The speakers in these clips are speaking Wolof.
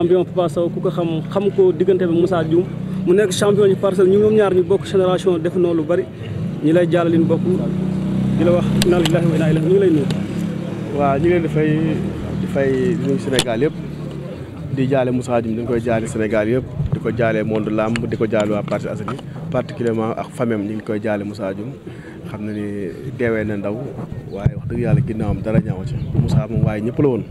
champion Papa Sow ku ko xam xam ko diggante bi Moussa Dioum mu nekk champion ci parcelle ñu ñoom ñaar ñu bokk génération def noonu lu bari ñi lay jàll leen bokk di la wax inna lillahi wa inna ñu lay nuyu. waaw ñu ngi leen di fay di fay nuyu Sénégal yëpp di jaale Moussa Dioum dañ koy jaale Sénégal yëpp di ko jaale monde làmb di ko jaale waa Parcelles Assainies particulièrement ak famem ñu ngi koy jaale Moussa Dioum xam na ni deewee na ndaw waaye wax dëgg yàlla ginnaawam dara ñaaw ci Moussa waaye ñëpp la woon.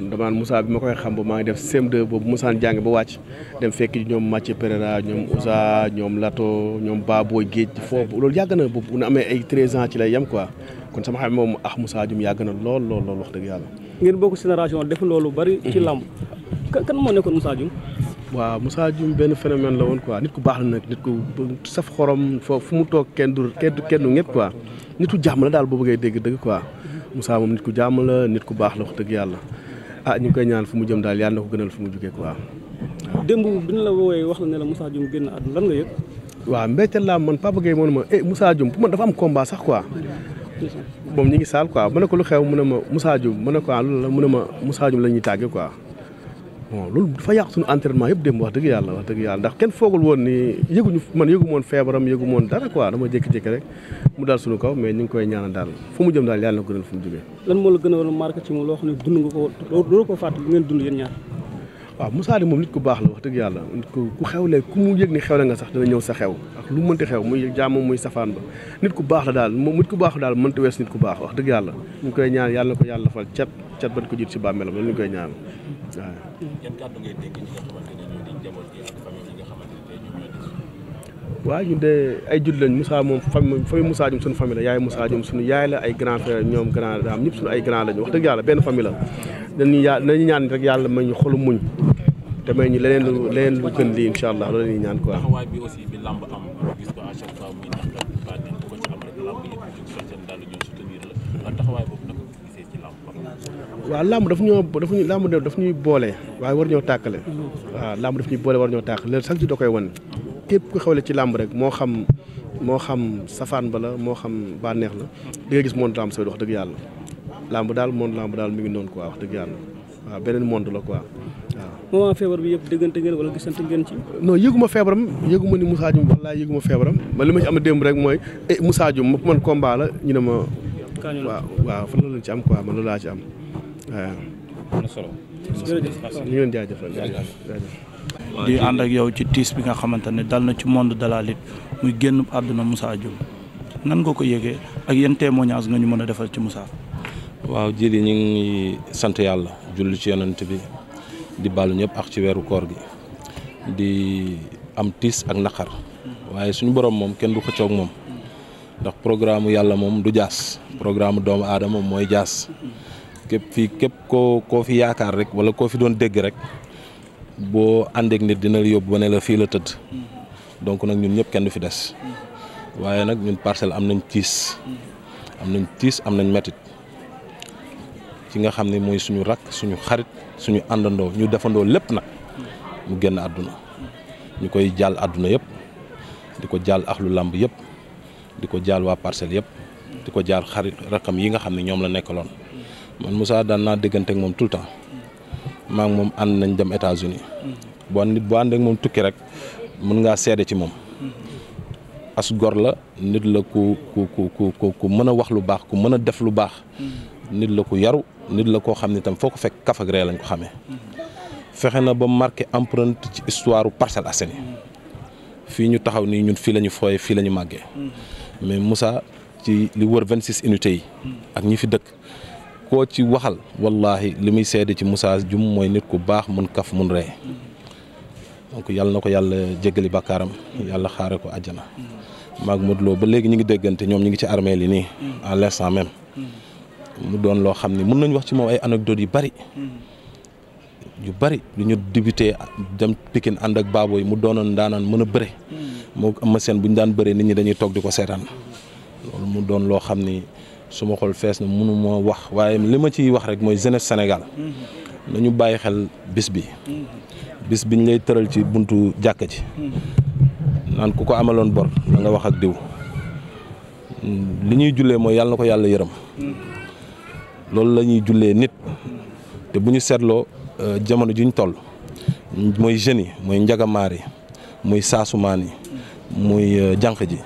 kon damaan bi ma koy xam ba maa ngi def CM2 boobu Moussa jàng ba wàcc dem fekk ñoom Mathieu Pereira ñoom Ousa ñoom Lato ñoom Baboy Géej foofu loolu yàgg na boobu bu ñu amee ay 13 ans ci lay yem quoi kon sama xam moom ah Moussa Dioum yàgg na lool lool dëgg yàlla. ngeen bokk génération def loolu bari. ci mhm. làmb kan moo nekkoon Moussa Dioum. waaw Moussa Dioum benn phénomène la woon quoi nit ku baax la nag nit ku saf xorom foofu fu mu toog kenn du kenn kenn du ñëpp quoi nit ku la daal boo bëggee dégg dëgg quoi Moussa moom nit ku jàmm la nit ku baax la wax dëgg yàlla ah ñu ngi koy ñaan fu mu jëm daal yàlla na ko gënal fu mu jugee quoi. démb bi ñu la woowee wax la ne la Moussa génn àdduna lan nga yëg. waaw mbéyteel laa man Papa Gueye moom ma eh Moussa Dioum pour man dafa am combat sax quoi. moom ñu ngi saal quoi ma ne ko lu xew mu ne ma Moussa Dioum ma ne ko ah loolu la mu ne ma Moussa Dioum la ñuy tàggee quoi. bon loolu dafa yàq suñu entraînement yëpp dem wax dëgg yàlla wax dëgg yàlla ndax kenn foogul woon ni yëguñu man yëgu moon feebaram yëgu moon dara quoi dama jékki-jékki rek mu daal suñu kaw mais ñu ngi koy ñaanal daal fu mu jëm daal yàlla na ko gënal fu mu jógee lan moo la gën a a marqué ci moom loo xam ne dund nga ko loolu ko fàtte bu ngeen dund yéen ñaar waaw musaa Di moom nit ku baax la wax dëgg yàlla ku xewle ku mu yëg ni xewle nga sax dana ñëw sa xew ak lu mënti xew muy jàmm muy safaan ba nit ku baax la daal moom nit ku baax la daal mënta wees nit ku baax wax dëgg yàlla ñu koy ñaan yàlla ko yàlla fal cat cat ban ko jiit si bàmmeelam loolu ñu koy ñaan waaw waaw ñu ay jud lañ moom famille famille Moussa Dioum suñu famille la yaay Moussa Dioum suñu yaay la ay grand frère ñoom grand daam ñëpp suñu ay grand lañu wax dëgg yàlla benn famille la dañuy ñaan yàlla may ñu xolu muñ te may ñu leneen lu leneen lu ñuy ñaan quoi. taxawaay bi aussi bi lamb am gis daf ñoo daf ñuy lamb daf ñuy boole waaye war ñoo tàkkale. lamb daf ñuy boole ñoo tàkkale loolu sax ji da koy wan. képp ku xewle ci làmb rek moo xam moo xam safaan ba la moo xam bànneex la di nga gis monde lamb sooy wax dëgg yàlla lamb daal monde lamb daal mu ngi noonu quoi wax dëgg yàlla waaw beneen monde la quoi moment feebar bi yëpp déggante ngeen wala gisante ngeen ci. non yëguma feebaram yëguma ni Moussa Dioum wallaahi yëguma feebaram ba li ma ci am démb rek mooy eh Moussa Dioum man combat ñu ne ma. kaañu waaw waaw fan la ci am quoi man laa ci am waaw. na solo. ñu ngi leen jaajëfal di ànd ak yow ci tiis bi nga xamante ne dal na ci monde de la lutte muy génn àdduna Moussa Dioum nan nga ko yëgee ak yan témoignage nga ñu mën a defal ci Moussa. waaw jërëjëf ñu ngi sant yàlla julli ci yonent bi. di baalu ñëpp ak ci weeru koor gi di am tiis ak naqar waaye suñu borom moom kenn du xëccoog moom ndax programme yàlla moom du jaas programme doomu aadama mooy jaas képp fii képp ko koo fi yaakaar rek wala koo fi doon dégg rek boo àndeek nit dina yóbbu ba ne la fii la tëdd donc nag ñun ñëpp kenn du fi des waaye nag ñun parcelle am nañ tiis am nañ tiis am nañ metit ci nga xam ne mooy suñu rakk suñu xarit suñu àndandoo ñu defandoo lépp nag mu génn àdduna ñu koy jàll àdduna yëpp di ko jàll axlu làmb yëpp di ko jàll waa parcelle yëpp di ko jàll xarit rakam yi nga xam ne ñoom la nekkaloon man Moussa daan naa déggante ak moom tout le temps moom ànd nañ dem États-Unis boo nit boo ànd moom tukki rek mën ngaa seede ci moom as gor la nit la ku ku ku ku ku mën a wax lu baax ku mën a def lu baax nit la ku yaru nit la koo xam ne itam foo ko fekk kaf ak ree lañ ko xamee fexe na ba marqué empreinte ci histoire Parcelles Assainies fii ñu taxaw nii ñun fii la ñu fooyee fii lañu màggee mais Moussa ci li wër vingt six unités yi ak ñi fi dëkk ko ci waxal wallahi li muy seede ci Moussa Dioum mooy nit ku baax mun kaf mun ree donc yàlla na ko yàlla jéggali bakkaaram yàlla xaare ko àjjana maag Modou Lo ba léegi ñu ngi déggante ñoom ñu ngi ci armée li nii à l'instant même mu doon loo xam ne mën nañu wax ci moom ay anecdotes yu bari hmm. yu bari lu ñu débuté dem Pikine ànd ak baabo yi mu doonoon daanaan mën a bëre hmm. moo am seen bu ñu daan bëree nit ñi dañuy toog di ko seetaan loolu mu doon loo xam ni suma xol fees na mënu wax waaye li ma ciy wax rek mooy jeunesse senegal hmm. nañu bàyyi xel bis bi bis biñ lay tëral ci buntu jàkka ji naan ku ko ameloon bor da nga wax ak diw li ñuy jullee mooy yàlla na ko yàlla yërëm loolu la ñuy jullee nit te bu ñu seetloo euh, jamono ju ñu toll mooy jeunes yi mooy njagamaar yi muy saasumaan yi muy euh, jànq ji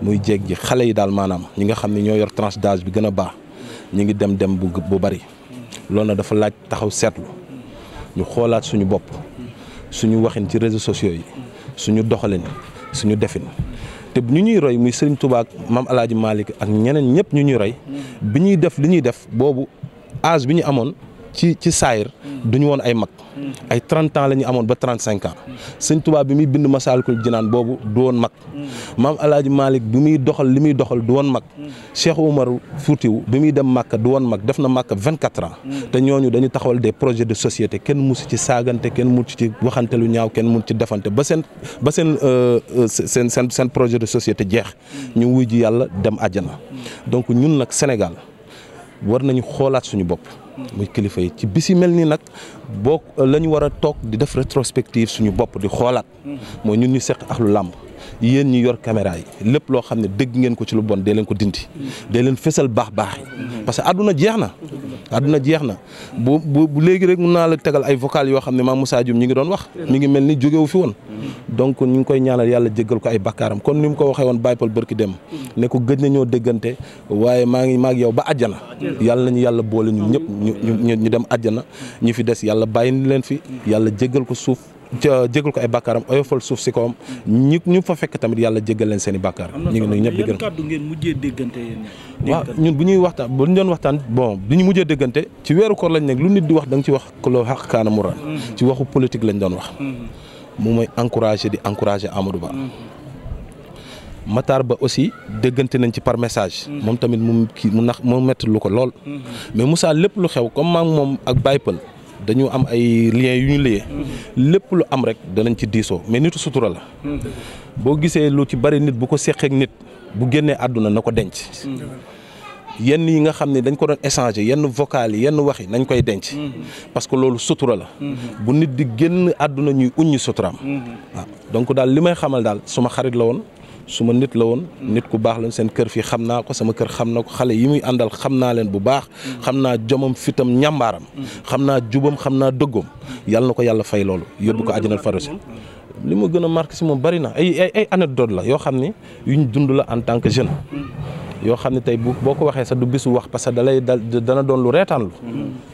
muy jéeg ji xale yi daal maanaam ñi nga xam ne ñoo yor tranche d'âge bi gën a baax ñu ngi dem dem bu bu bari loolu na dafa laaj taxaw seetlu ñu xoolaat suñu bopp suñu waxin ci réseaux sociaux yi suñu doxalin suñu defin. te ñu ñuy roy muy Serigne Touba ak maam El Hadj ak ñeneen ñëpp ñu ñuy roy mm. bi ñuy def li ñuy def boobu âge bi ñu amoon. ci ci du ñu woon ay mag ay trente ans la ñu amoon ba trent cinq an sëñ tubaab bi muy bind Masaalikul Jinaan boobu du woon mag maam Alaaji Malick bi muy doxal li muy doxal du woon mag Cheikh Oumar Foutiou bi muy dem Màkka du woon mag def na Màkka vingt quatre ans te ñooñu dañu taxawal de projet de société kenn musu ci saagante kenn musu ci waxante lu ñaaw kenn mun ci defante ba seen ba seen euh, euh, seen seen seen projet de société jeex ñu wuy ji yàlla dem àjjana donc ñun nag Sénégal war nañu xoolaat suñu bopp muy kilifa yi ci bis yi mel nii nag boo la ñu war a toog di def rétrospective suñu bopp di xoolaat. mooy ñun ñu seq ak lu làmb yéen ñi yor caméra yi lépp loo xam ne dégg ngeen ko ci lu bon dee leen ko dindi. dee leen fësal baax baax yi. parce que àdduna jeex na. àdduna jeex na bu bu léegi rek mun naa la tegal ay vocal yoo xam ne maam Moussa Dioum ñi ngi doon wax mi ngi mel ni jógewu fi woon donc ñu ngi koy ñaanal yàlla jéggal ko ay bakkaaram kon ni mu ko waxee woon Baye bërki dem ne ko gëj na ñoo déggante waaye maa ngi maag yow ba àjjana yàlla ñu yàlla boole ñu ñëpp ñu ñu dem àjjana ñu fi des yàlla bàyyi leen fi yàlla jéggal ko suuf Euh, jégal ko ay bàkkaaram oyofal suuf si kawam ñi ñu fa fekk tamit yàlla jégal leen seen i bàkkaar ñu ngi nuyu ñëpp di gërëm kàddu ngeen mujjee déggante waaw ñun bu ñuy waxtaan bu ñu doon waxtaan bon bu ñu mujjee déggante ci weeru koor lañ ne lu nit di wax da ci wax ko loo xaq kaana muran mhm. ci waxu politique lañ doon wax mhm. mu mooy encouragé di encouragé Amadou Ba mhm. Matar Ba aussi dëggante nañ ci par message. moom tamit mu kii mu nax mu metti lu ko lool. mais Moussa lépp lu xew comme maam moom ak Baye Pël dañu am ay liens yu ñu liyee lépp lu am rek danañ ci diisoo mais nitu sutura la boo gisee lu ci bari nit bu ko seqeek nit bu génnee àdduna na ko denc yenn yi nga xam ne dañ ko doon échanger yenn vocal yi yenn wax yi nañ koy denc parce que loolu sutura la bu nit di génn àdduna ñuy uññi suturaam mm-hmm. waaw donc daal li may xamal daal suma xarit la woon su ma nit la woon nit ku baax lañ seen kër fii xam naa ko sama kër xam na ko xale yi muy àndal xam naa leen bu baax xam naa jomam fitam ñàmbaaram xam naa jubam xam naa dëggoom yàlla na ko yàlla fay loolu yóbbu ko àjjanal farosi li ma gën a marqué si moom bari na ay ay ay la yoo xam ne yu yuñ dund la en tant que jeune yoo xam ne tey bu boo ko waxee sax du bisu wax parce que dalay dal dana doon lu reetaanlu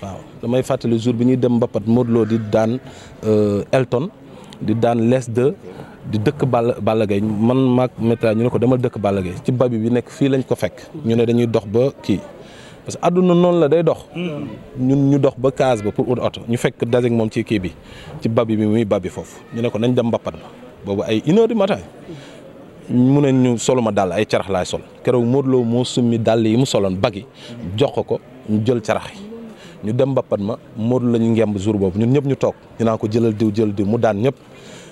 waaw damay fàttali jour bi ñuy dem mbappat Modou Lo di daan euh, Elton di daan les de di dëkk Balla Balla Gaye man maag méta ñu ne ko demal dëkk Balla Gaye ci babi bi nekk fii lañ ko fekk ñu ne dañuy dox ba kii parce que àdduna noonu la day dox ñun ñu dox ba case ba pour ut oto ñu fekk dajeeg moom ci kii bi ci babi bi muy babi foofu ñu ne ko nañ dem mbappat ba boobu ay une yi du matin mu ne ñu soluma dàll ay carax sol keroog Modou loo moo summi dàll yi mu soloon bagi jox ko ko ñu jël carax yi ñu dem mbappat ma Modou la ñu ngemb jour boobu ñun ñëpp ñu toog ñu ko jëlal diw jëlal diw mu daan ñëpp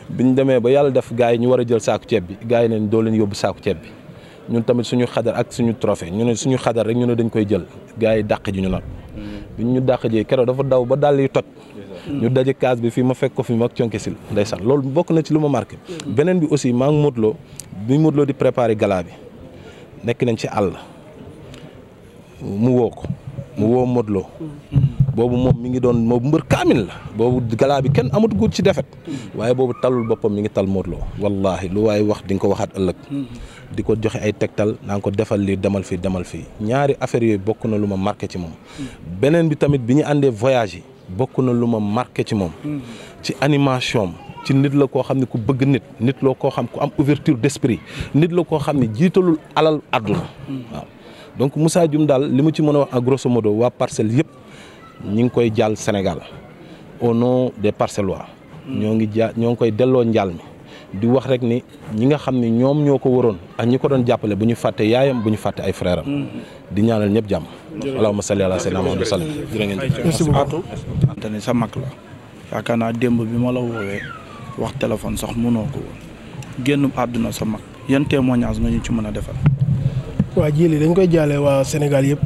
bi ñu demee ba yàlla def gars yi ñu war a jël saaku ceeb bi gars yi neen doo leen yóbbu saaku ceeb bi ñu tamit suñu xadar ak suñu trophée ñu ne suñu xadar rek ñu ne dañ koy jël gars yi dàq ji ñu nag biñ ñu dàq ji keroog dafa daw ba dàll yi toj ñu daje kaas bi fii ma fekk ko fi mag conke sil ndeysaan loolu bokk na ci lu ma marqué beneen bi aussi maa ngi bi Modou di préparé galaa bi nekk nañ ci àll mu woo ko mu woo Modou boobu moom mi ngi doon moom mbër kaamil la boobu galaa bi kenn amatu gudd ci defet waaye boobu talul boppam mi ngi tal Modou Lo wallaahi lu waaye wax dinga ko waxaat ëllëg di ko joxe ay tegtal naa ko defal lii demal fii demal fii ñaari affaire yooyu bokk na lu ma marqué ci moom beneen bi tamit bi ñu àndee voyage yi bokk na lu ma marqué ci moom ci animation ci nit la koo xam ne ku bëgg nit nit loo koo xam ku am ouverture d'esprit nit la koo xam ne jiitalul alal àdduna mm. waaw donc Moussa Dioum daal li mu ci mën a wax en grosso waa parcelle yëpp ñi ngi koy jàll Sénégal au nom des parcellois ñoo ngi ja ñoo ngi koy delloo njaal mi di wax rek ni ñi nga xam ne ñoom ñoo ko waroon ak ñi ko doon jàppale bu ñu fàtte yaayam bu ñu fàtte ay frère mm-hmm. di ñaanal ñëpp jàmm allahumma salli ala sayyidina Muhammad sallam jërë ngeen jëf ni sa mag la yaakaar naa démb bi ma la woowee wax téléphone sax munoo ko woon génn àdduna sa mag yan témoignage nga ñu ci mën a defal waa jili dañ koy jaale waa Sénégal yëpp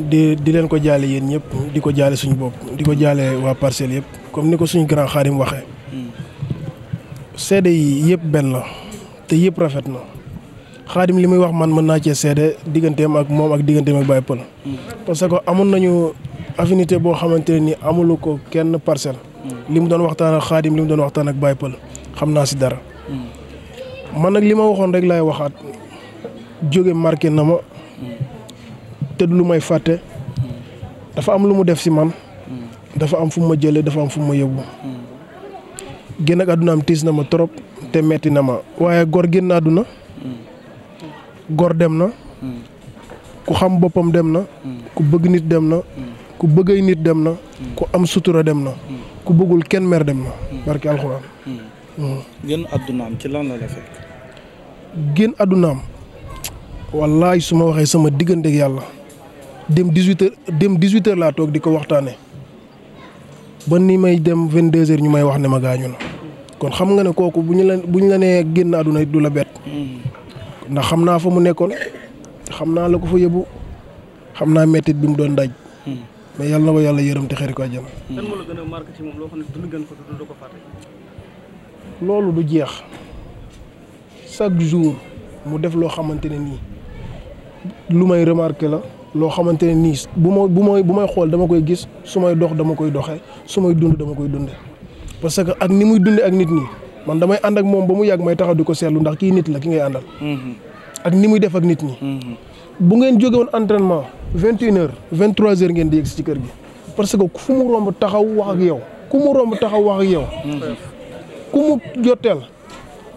di di leen ko jaale yéen ñëpp di ko jaale suñu bopp di ko jaale waa parcelle yëpp comme ni ko suñu grand xaarim waxee. Hmm. seede yi yëpp benn la te yëpp rafet na xaadim li muy wax man mën naa cee seede digganteem ak moom ak digganteem ak Baye Pël. Hmm. parce que amoon nañu affinité boo xamante ne ni amulu ko kenn parcelle. Hmm. li mu doon waxtaan ak xaadim li doon waxtaan ak Baye Pël xam naa si dara. man nag li ma waxoon rek lay waxaat jóge marqué na ma. lu may fàtte dafa am lu mu def si man mm. dafa am fu ma jëlee dafa am fu mu ma yóbbu génn ak àddunaam tiis na ma trop te metti na ma waaye gor génn àdduna mm. gor dem na mm. ku xam boppam dem na ku bëgg nit dem na ku bëggay nit dem na ku am sutura dem na ku bëggul kenn mer dem na barki alxuraan génn àddunaam ci lan la la fekk génn àddunaam wallaay su ma waxee sama digganteeg yàlla dem 18 heures dem 18 laa toog di ko waxtaanee ba ni may dem vingt 22 heures ñu may wax ne ma gaañu na kon xam nga ne kooku bu ñu la bu ñu la nee génn àdduna du la bett ndax xam naa fa mu nekkoon xam naa la ko fa yóbbu xam naa mettit bi mu doon daj. ma yàlla na ko yàlla yërëm te xëri ko àjjana. lan moo la gën ko dund ko fàtte. loolu du jeex chaque jour mu def loo xamante ne nii lu may remarqué la. loo xamante ne nii bu ma bu may bu may xool dama koy gis su may dox dama koy doxee su may dund dama koy dunde parce que ak ni muy dundee ak nit ñi man damay ànd ak moom ba mu yàgg may taxaw di ko seetlu ndax kii nit la ki ngay àndal. Mm-hmm. ak ni muy def ak nit ñi. Mm-hmm. bu ngeen jógewoon woon entraînement vingt une heures vingt trois heures ngeen di yegg ci kër gi parce que fu mu romb taxaw wax ak yow ku mu romb taxaw wax ak yow. Mm-hmm. ku mu jotteel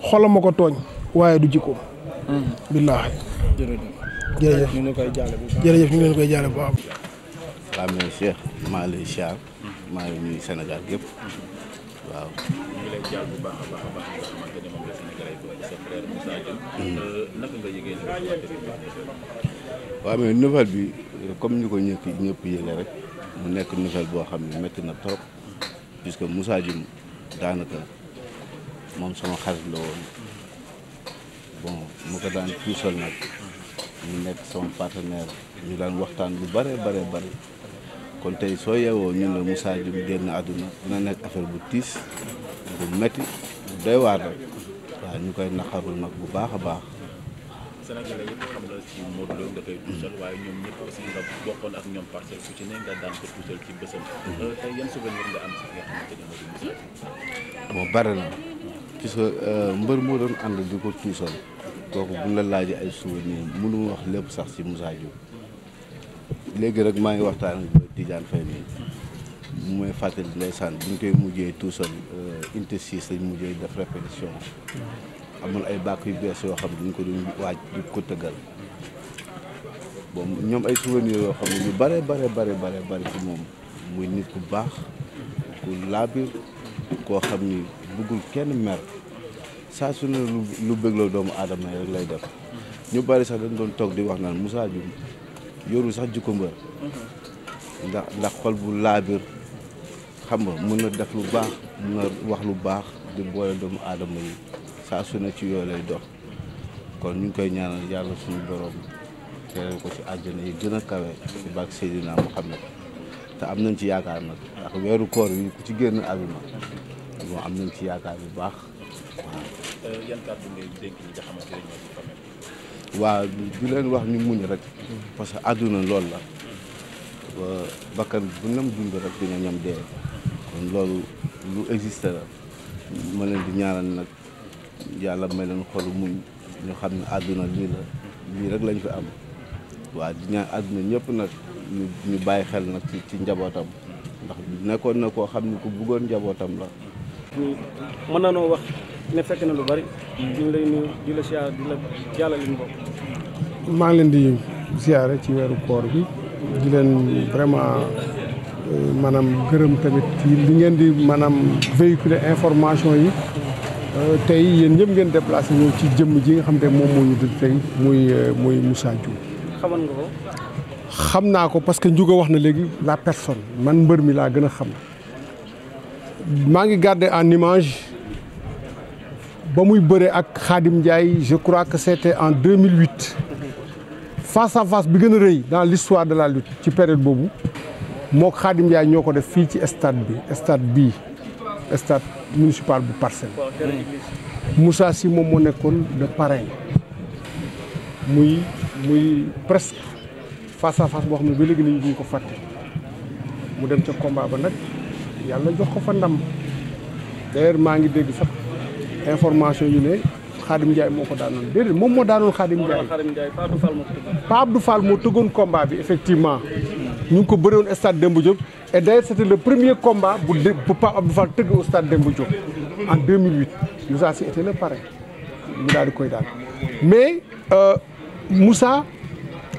xolam ma ko tooñ waaye du jikkoom. billaahi. jërëjëf ñu ngi koy jërëjëf ñu ngi koy jaale bu baax. waaw mais Cheikh maa lay siyaar maa ngi gépp waaw. ñu mais nouvelle bi comme ñu ko ñëpp ñëpp yële rek mu nekk nouvelle boo xam ne métti na trop puisque Moussa Diop daanaka moom sama xarit la woon bon mu ko daan tuusal nag. mu nekk sama partenaire ñu daan waxtaan lu bare bare bare kon tey soo yeewoo ñun la Moussa Dioum génn àdduna dina nekk affaire bu tiis bu metti bu doy koy naqarul nag bu baax a baax. Sénégalais yëpp xam la waaye ñoom ñëpp aussi nga bokkoon ak ñoom parcelle su ci ne nga daan ko tuusal ci bësam. Euh, tey yan souvenir ci nga xamante euh, mbër moo doon ànd di ko tuusal. kooku buñ la laaj ay souvenirs mënu ma wax lépp sax si Moussa Diouf léegi rek maa ngi waxtaan ak Tidiane Faye mi mu may fàttali ndeysaan buñ koy mujjee tout seul unité 6 lañ mujjee def répétition amul ay bàkk yu bees yoo xam ne dañ ko doon waaj di ko tëggal bon ñoom ay souvenirs yoo xam ne ñu bare bare bare bare bare ci moom muy nit ku baax ku laabir koo xam ni buggul kenn mer saa su ne lu lu bëggloo doomu aadama rek lay def ñu bari sax dañ doon toog di wax na Moussa Dioum yorul sax jikko mbër mm-hmm. ndax ndax xol bu laabir xam nga mën na def lu baax mën na wax lu baax di boole doomu aadama yi saa su ci yooyu lay dox kon ñu ngi koy ñaanal yàlla suñu borom teeral ko ci àjjana yi gën a kawe ci baax Seydina Muhammad te am nañ ci yaakaar nag ndax weeru ci génn àdduna bon am nañ ci yaakaar bu baax yan kàddu ngay dénk ñi du leen wax ñu muñ rek. parce que àdduna lool la. bakkan bu nam dund rek dina ñam dee. kon loolu lu existe la. ma leen di ñaanal nag yàlla may leen xolu muñ ñu xam ne àdduna lii la lii rek lañ fi am waa di ñaan àdduna ñëpp nag ñu bàyyi xel nag ci njabootam ndax nekkoon na koo xam ne ku bëggoon njabootam la. mën na noo wax ne fekk na lu bari. ñu ngi lay nuyu di la la jàllale ñu bopp. maa ngi leen di siyaare ci weeru koor bi di leen vraiment euh, maanaam gërëm tamit ci li ngeen di maanaam véhiculer information yi. Euh, tey yéen ñëpp ngeen déplacé ñëw ci jëmm ji nga xam te moom moo ñu dëgg tey muy euh, muy Moussa Dioum. nga ko. xam naa ko parce que Ndiouga wax na léegi la personne man mbër mi laa gën a xam maa ngi garder en image. ba muy bëre ak Khadim Ndiaye je crois que c'était en 2008 face à face bi gën a rëy dans l'histoire de la lutte ci période boobu moo Khadim Ndiaye ñoo ko def fii ci stade bi stade bii stade municipal bu Parcelles Moussa Sy moom moo nekkoon de parrain muy muy presque face à face boo xam ne ba léegi nit ñi ko fàtte mu dem ca combat ba nag yàlla jox ko fa ndam d'ailleurs maa ngi dégg sax information yu ne Khadim Ndiaye moo ko daanoon déedéet moom moo daanoon Khadim Ndiaye Pape Abdou Fall moo tëggoon combat bi effectivement ñu ngi ko bëre stade Demba Diop et d'ailleurs c'était le premier combat bu dé bu Pape Abdou Fall tëgg au stade Demba Diop en 2008 Moussa Sy était le parrain ñu daal di koy daan mais euh, Moussa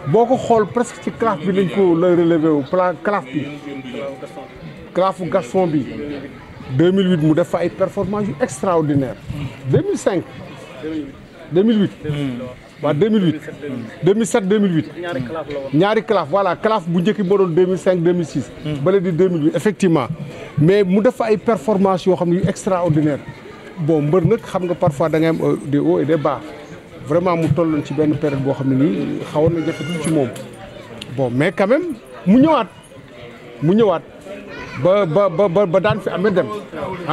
boo ko xool presque ci classe bi lañ ko la relevé wu plan bi classe Gaston bi 2008 mu def fa ay performance yu extraordinaire 2005 2008 waaw 2008 2007 2008 ñaari claf voilà claf bu njëkk moo doon 2005 2006 bale di 2008 effectivement mais mu def fa ay performance yoo xam ne yu extraordinaire bon mbër nag xam nga parfois da ngay am euh, des des bas vraiment mu tolloon ci benn période boo xam ne nii xawoon na ci moom bon mais quand mu ñëwaat mu ñëwaat ba ba ba ba ba daan fi amee dem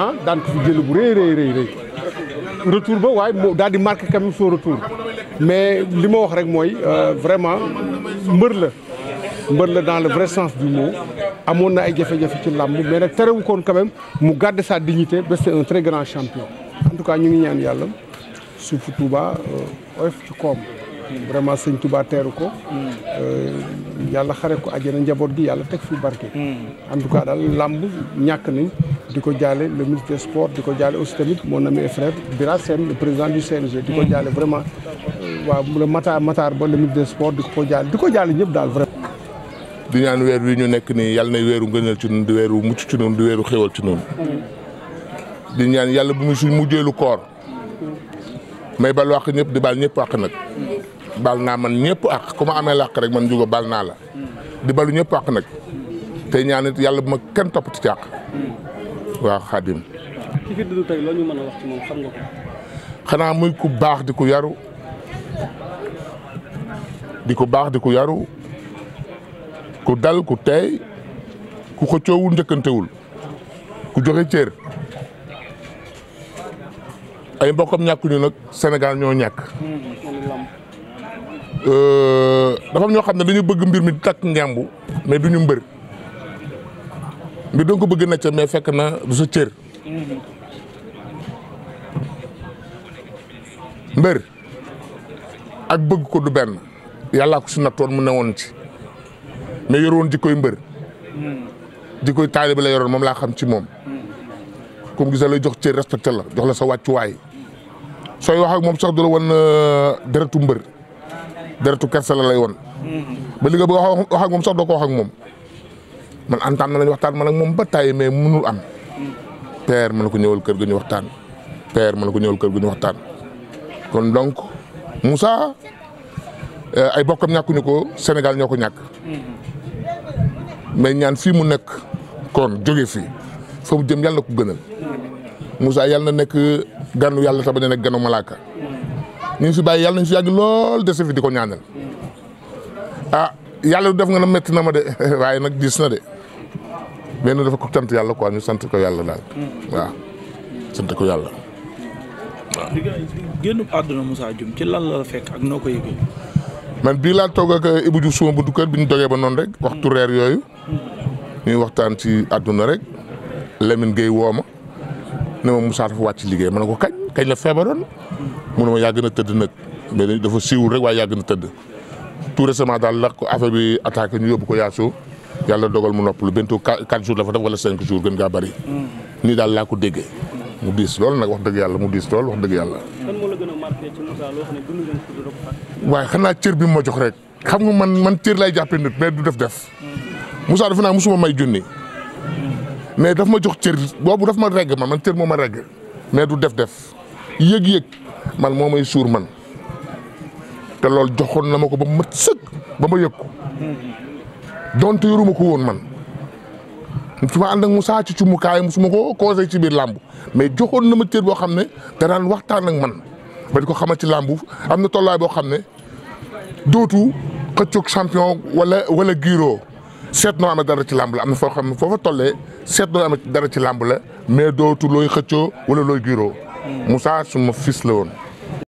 ah daan fi jël bu rëy rëy rëy rëy retour ba waaye moo daal di marqué quand même retour mais li ma wax rek mooy euh, vraiment mbër la mbër la dans le vrai sens du mot amoon na ay jafe ci làmb mais nag terewu koon quand même mu garde sa dignité ba c'est un très grand champion en tout cas ñu ngi ñaan yàlla su Touba euh, oyof ci koom vraiment sëñ Touba teeru ko. Mm. yàlla xare ko àjjana njaboot gi yàlla teg fi barke. Mm. en tout cas daal làmb ñàkk ni di ko jaale le ministre des di ko jaale aussi tamit moo ami et frère Bira Sène le président du CNG. di ko mm. jaale vraiment euh, waaw le Matar Matar ba le ministre des sports di ko jaale di ko jaale ñëpp daal vraiment. di ñaan weer wi ñu nekk nii yàlla na weeru ngëneel ci noonu di weeru mucc ci noonu di weeru xéwal ci noonu. di ñaan yàlla bu muy suñ mujjeelu koor. may bal wàq ñëpp di ñëpp wàq nag. bal naa man ñëpp ak ku ma amee làq rek man juga baal naa la di balu ñëpp ak nag tey ñaan yàlla bu ma kenn toppati ci ak waaw xaadim tey loo xanaa muy ku baax di ku yaru di ku baax di ku yaru ku dal ku teey ku xëccoowul njëkkantewul ku joxe cër ay mbokkam ñàkkuñu nag Sénégal ñoo ñàkk hmm, Euh, dafa am ñoo xam ne dañu bëgg mbir mi takk ngemb mais du ñu mbër mbir danga ko bëgg necc mais fekk na du sa cër mbër ak bëgg ko du benn yàlla ko si nattoon mu woon ci mais yoroon ji koy mbër ji koy taalibe la yoroon moom laa xam ci moom comme gisa lay jox cër respecté la jox la sa wàccuwaay sooy wax moom sax du la wan euh, deretu mbër deretu kersa la lay woon. ba li nga wax wax ak moom sax doo ko wax ak moom man antaan na lañ waxtaan man ak moom ba tàyyi mais mënul am. père mën na ko ñëwal kër ga ñu waxtaan père mën na ko ñëwal kër ga ñu waxtaan kon donc Moussa euh, ay bokkam ñàkkuñu ko senegal ñoo ko mais ñaan fii mu nekk kon jóge fi fa jëm yàlla na ko gënal Moussa yàlla na nekk ganu yàlla ta bañ a nekk ganu malaaka ñu ngi fi bàyyi yàlla nañu fi yàgg lool dese fi di ko ñaanal ah yàlla def nga na métti na ma de waaye nag diis na de benn dafa ko sant yàlla ko am ñu sant ko yàlla daal waaw sant ko yàlla waaw. génn ci la noo ko man bii laa toog ak eh, Ibou Diouf suma buntu kër bi ñu dogee ba noonu rek. waxtu reer yooyu. ñuy waxtaan ci àdduna rek. Lamine géey woo ma ne ma Moussa dafa wàcc liggéey ma ne ko kañ. kañ la feebaroon mu ne ma yàgg na tëdd nag mais dafa siiwul rek waaye yàgg na tëdd tout récemment daal la ko bi attaqué ñu yóbbu ko yaasoo yàlla dogal mu noppalu bientôt quatre jours dafa def wala cinq jours gën ngaa bëri. Hmm. nii daal laa ko déggee. mu diis lool nag wax dëgg yàlla mu diis lool wax dëgg yàlla. xanaa cër bi ma jox rek. xam nga man man cër lay jàppee nit mais du def def. Hmm. Moussa dafa naa musuma may junni. Hmm. mais daf ma jox cër boobu daf ma reg ma man cër moo a regg mais du def def. yëg-yëg man moo may suur man te loolu joxoon na ma ko ba mu mat ba ma yëg ko donte yoruma ko woon man su ma ànd ak Moussa ci cumukaay mu su ma ko conseil ci biir làmb mais joxoon na ma cër boo xam ne da daan waxtaan ak man ba di ko xamal ci làmbu am na tollaay boo xam ne dootu xëccoog champion wala wala giro seet noo amee dara ci làmb la am na foo xam ne foofa tollee seet noo amee dara ci làmb la mais dootu looy xëccoo wala looy giro Moussa suma fils la woon.